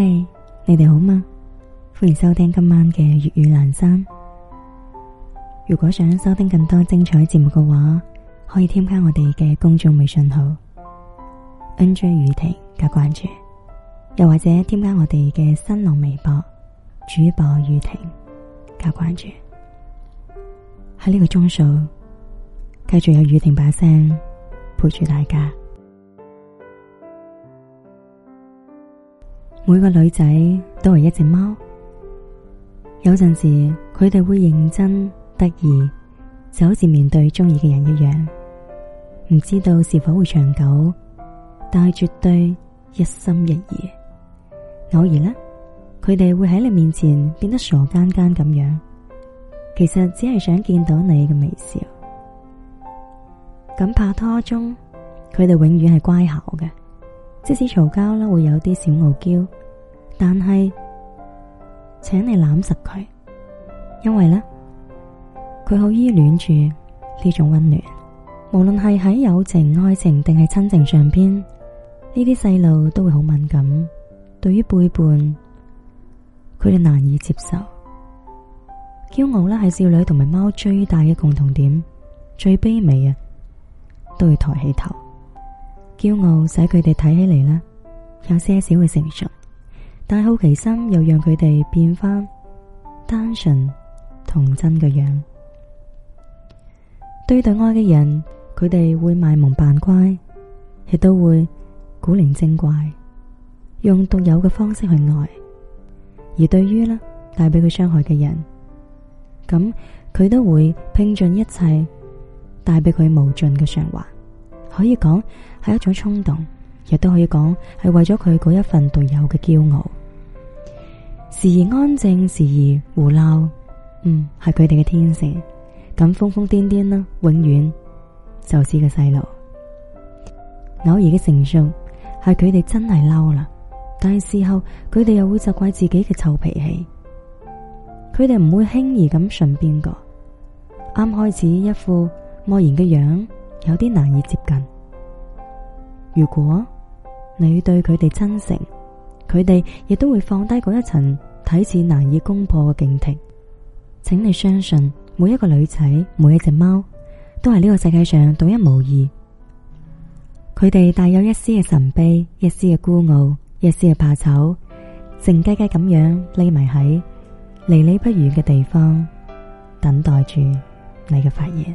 Hey, 你哋好嗎？歡迎收聽今晚嘅粵語闌珊。如果想收聽更多精彩節目嘅話，可以添加我哋嘅公眾微信號 nj 雨婷加關注，又或者添加我哋嘅新浪微博主播雨婷加關注。喺呢個鐘數，繼續有雨婷把聲陪住大家。每個女仔都係一隻貓，有陣時佢哋會認真得意，就好似面對中意嘅人一樣，唔知道是否會長久，但係絕對一心一意。偶爾呢，佢哋會喺你面前變得傻更更咁樣，其實只係想見到你嘅微笑。咁拍拖中，佢哋永遠係乖巧嘅。即使嘈交啦，會有啲小傲嬌，但係請你攬實佢，因為咧佢好依戀住呢種溫暖。無論係喺友情、愛情定係親情上邊，呢啲細路都會好敏感，對於背叛，佢哋難以接受。驕傲啦，係少女同埋貓最大嘅共同點，最卑微啊，都會抬起頭。驕傲使佢哋睇起嚟呢，有些少嘅成熟，但好奇心又讓佢哋變翻單純童真嘅樣。對待愛嘅人，佢哋會賣萌扮乖，亦都會古靈精怪，用獨有嘅方式去愛；而對於呢帶俾佢傷害嘅人，咁佢都會拼盡一切帶俾佢無盡嘅償還。可以講係一種衝動，亦都可以講係為咗佢嗰一份獨有嘅驕傲。時而安靜，時而胡鬧，嗯，係佢哋嘅天性。咁瘋瘋癲癲啦，永遠就似個細路。偶爾嘅成熟係佢哋真係嬲啦，但係事後佢哋又會責怪自己嘅臭脾氣。佢哋唔會輕易咁信邊個。啱開始一副莫然嘅樣。有啲難以接近。如果你對佢哋真誠，佢哋亦都會放低嗰一層睇似難以攻破嘅警惕。請你相信，每一個女仔，每一隻貓，都係呢個世界上獨一無二。佢哋帶有一絲嘅神秘，一絲嘅孤傲，一絲嘅怕醜，靜雞雞咁樣匿埋喺離你不遠嘅地方，等待住你嘅發現。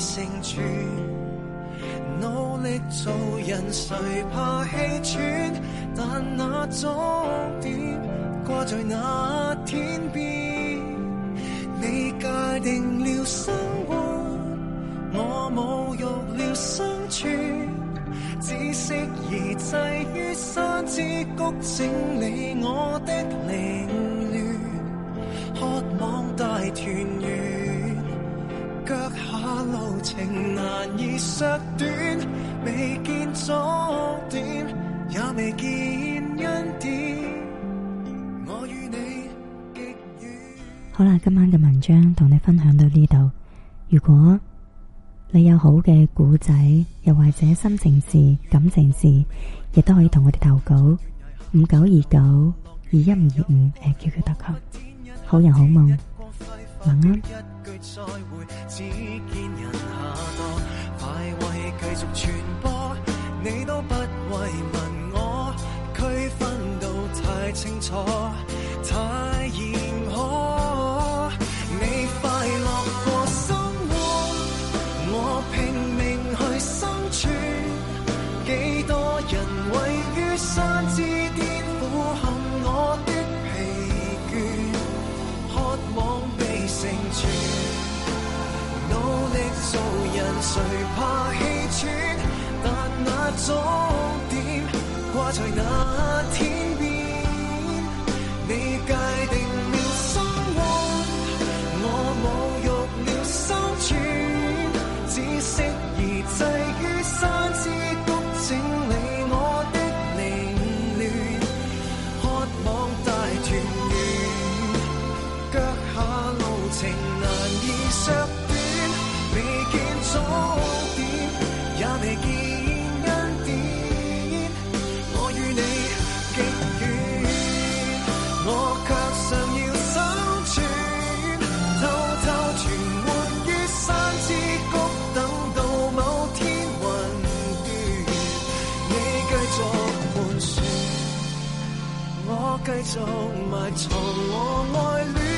成全，努力做人，誰怕氣喘？但那終點掛在那天邊，你界定了生活，我侮辱了生存。只適宜滯於山之谷，整理我的。好啦，今晚嘅文章同你分享到呢度。如果你有好嘅故仔，又或者心情事、感情事，亦都可以同我哋投稿。五九二九二一五二五，QQ 佢特勤。好人好夢。問一句再會，只見人下墮，快慰繼續傳播，你你都不慰問，我區分到太太清楚，太嚴苛。你快樂過生活，我拼命去生存，幾多人位於山之。誰怕氣喘？但那終點掛在那天邊，你計。繼續埋藏我愛戀。